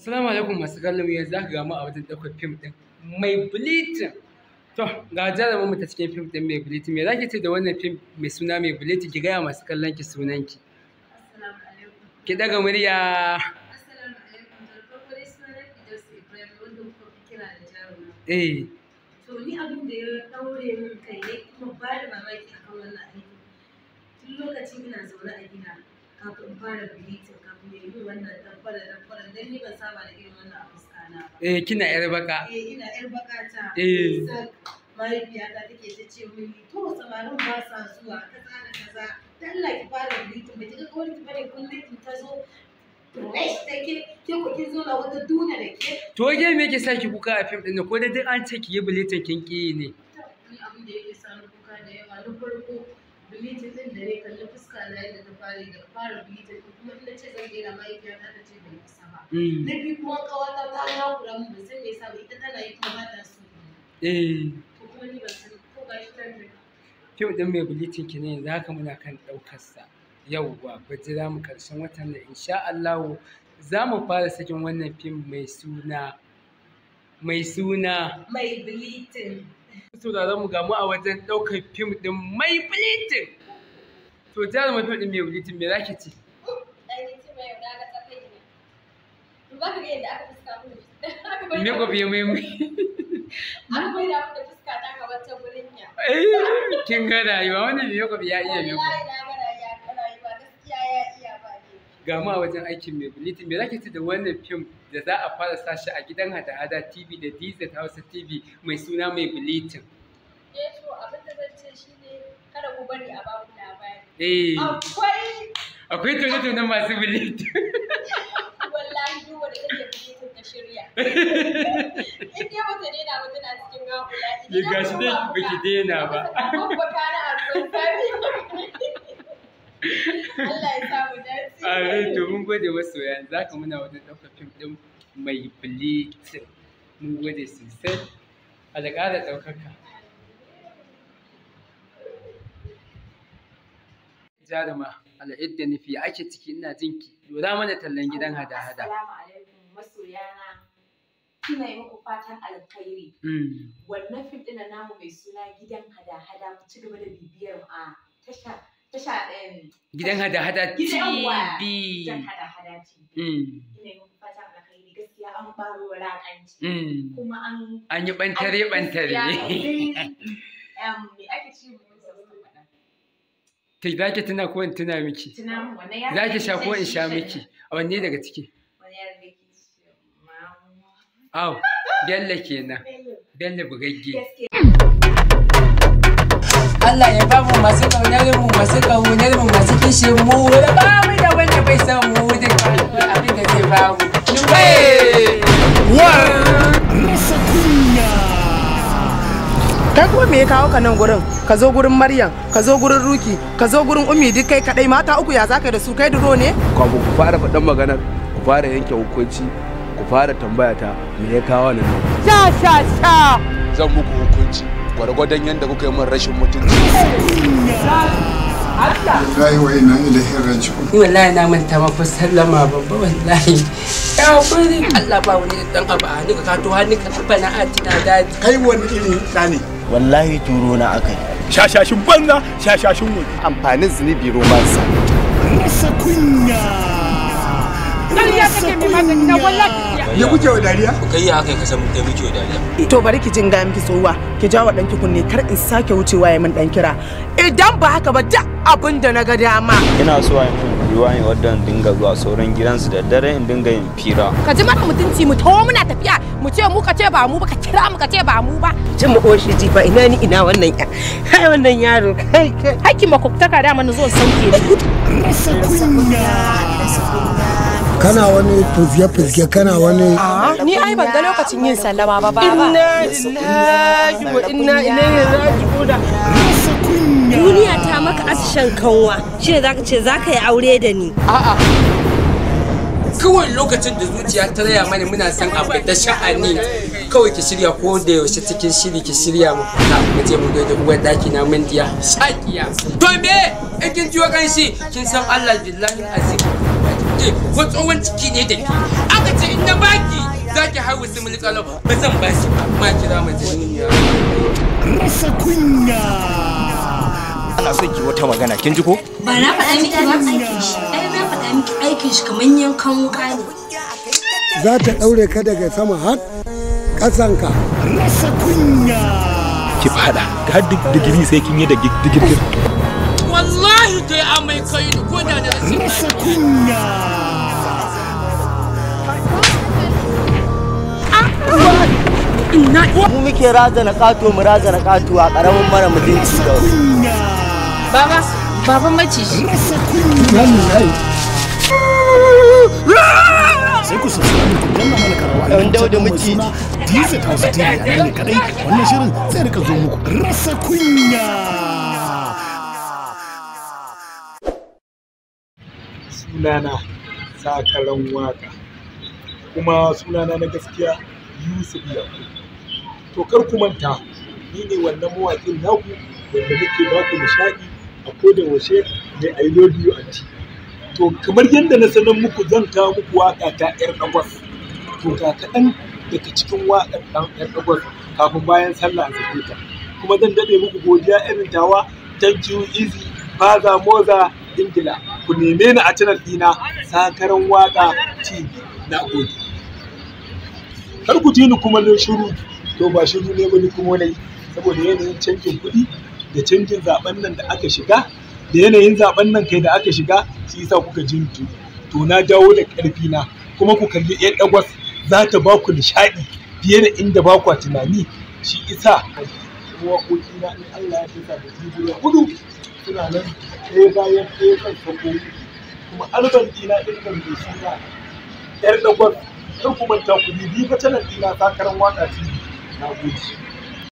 Assalamu alaikum masu kallon yanzu za ka gamu a wajen dakwai fim ɗin mai bleaching. To, ga jarumin mu ta cikin fim ɗin mai bleaching. Me za ki ce da wannan fim mai suna mai bleaching ki gaya masu kallon ki sunan ki. Ki ɗaga murya. Eh. To ni abin da ya ɗaure min kai ne kuma ba da mamaki akan wannan aiki. Tun lokacin ina zaune a gida. Eh, eh kina yar baka. Eh ina yar baka ta. Eh. Mahaifiyata take ta ce mun to samarin ba sa zuwa ta da kaza dan ki fara bilitin ba kika ga kawai ki bane kun in ta zo fresh take ke ku kin zo na wata duna da ke. To ke me ke ki kuka a fim ɗin ko dai an ce ki yi bilitin kin ƙi ne. bilicin din da ne na fuska na yadda ta fare da fara bilicin din kuma ina ce zan gera mahaifiyata ta ce bai kusa ba hmm. na biyu kuma kawata ta nakura min ban san me yasa ba ita tana yi kuma ba ta so eh to kuma ni ban san ko ga shi tan kyau din mai bilicin ki ne za ka muna kan daukar sa yauwa bajira mu karshen watan da insha Allah za mu fara sakin wannan fim mai suna mai suna mai bleeding da mu gamu a wajen ɗaukar fim ɗin mai bleeding to zama fim ɗin mai bleeding me zaki ce Me ko biye mai mai. An koyi da fuska ta ga wata gurin ya. Eh, kin ga rayuwa wannan me ko biya iya ne ga mu wajen aikin mai bulletin me zaki ce da wannan fim da za a fara sashi a gidan hada-hada tv da dz hausa tv mai suna mai bulletin eh to abin da zan ce shine kada ku bari a babu labari eh akwai akwai tone-tone masu bulletin wallahi duk wanda take bulletin ta shirya in dai ba ta daina ba tana cikin gagula idan ba ki daina ba ba ka na a ruwan Allah ya samu dace. to mun gode masoya za ka muna wajen ɗaukar fim ɗin mai bleaching. Mun gode sosai. Allah ƙara ɗaukaka. Jaruma, Allah yadda nufi ake ciki ina jinki. Lura mana tallan gidan hada-hada. Assalamu alaikum masoyana. Kina yi muku fatan alkhairi. Hmm. Wannan fim ɗin namu mai suna gidan hada-hada ku ci gaba da bibiyar a tasha tasha ne. gidan hada-hada TV gidan hada-hada mm. ina alkhairi gaskiya an baro wulaƙanci mm. kuma an an yi bantare bantare me ake ce za ki tuna ko in tuna miki za ki sha ko in sha miki a wanne daga ciki Aw, Bello kenan. Bello bugagge. Allah ya bamu masu kaunar mu masu kaunar mu masu kishi mu da mu da wanda bai san mu da abin da zai ba mu. kai kuma me ya kawo ka nan gurin ka zo gurin maryam ka zo gurin ruki ka zo gurin umi duk kai kadai mata uku ya zaka da su kai duro ne ku ku fara faɗan magana ku fara yanke hukunci ku fara tambaya ta me ya kawo nan sha sha sha zan muku hukunci gwargwadon yadda kuka yi min rashin mutunci wallahi wa ina ilahi raji'un ni wallahi na manta ma fa sallama babba wallahi ya kuri Allah ba wani dan abu a ni ka to hannu ka bana atina dadi kai wani irin tsani wallahi turo na akai shashashin banza shashashin wani amfanin zunubi romansa rasa kunya rasa kunya ya kuke wa dariya kai ya haka ka san kai muke wa dariya to bari ki jin ga miki tsowa ki ja wa danki kunne kar in sake wucewa ya min dan kira idan ba haka ba duk abin da na ga dama ina so a yi ruwa ne wadda dinga zuwa sauran gidansu da dare in dinga yin fira ka ji mana mutunci mu tawo muna tafiya mu ce mu ka ce ba mu ba ka kira mu ka ce ba mu ba jin mu koshi ji ba ina ni ina wannan ya kai wannan yaro kai kai hakki makoktaka da mana zo sauke ni kunya kana wani fizge-fizge kana wani ni ai ban ga lokacin yin sallama ba ba inna lillahi wa inna ilaihi raji'una duniya ta maka asishan kanwa shi ne zaka ce zaka yi aure da ni a'a kawai lokacin da zuciya ta raya mana muna son abu da sha'ani kawai ki shirya ko da yaushe cikin shiri ki shirya mu fita mu je mu ga da uwar daki na mindiya shakiya to me in kin jiyo kanshi kin san Allah billahi azim ke ko tsohon ciki ne da ke aka ce in na baki za ki haihu su mili tsalau ba zan ba shi ba ma kira mai jiniya. Rasa kunya. Ana son ki wata magana kin ji ko? Ba na faɗa miki ba aikin shi. Ai na faɗa miki aikin shi kamar yankan wuka ne. Za ta ɗaure ka daga sama har ƙasanka. Rasa kunya. Ki faɗa, ga duk digiri sai kin yi da digiri Wallahi! Wallahi dai amai kai ni ko da da kunya. Mu muke mu a mara mutunci da Baba, baba Sai ku ku danna mana karawa a nan wannan shirin zai rika zo muku rasa kunya. sunana zakaran waka kuma sunana na gaskiya yusuf yakubu to kar ku manta ni ne wannan mawaƙin naku wanda nake ba ku nishaɗi a koda washe mai i love you aunty to kamar yadda na sanar muku zan kawo muku waƙa ta yar dagwas to ga kaɗan daga cikin waƙar ɗan yar dagwas kafin bayan sallah a sake ta kuma zan daɗe muku godiya irin tawa thank you easy faza moza ingila ku neme ni a channel ɗina sakaran waka tv na gode kar ku ji ni kuma na shiru to ba shiru ne wani kuma ne saboda yanayin canjin kuɗi da canjin zaben nan da aka shiga da yanayin zaben nan kai da aka shiga shi yasa kuka ji to to na dawo da ƙarfi na kuma ku kalli ɗan dagwas za ta ba ku nishaɗi fiye da inda ba ku tunani shi isa waƙoƙi na in Allah ya fi da gudu suna nan ɗaya bayan ɗaya kan sako kuma alban dina ɗin kan mai suna yar dagwar kar ku manta ku bibi ta nan dina takarar waka ce na gode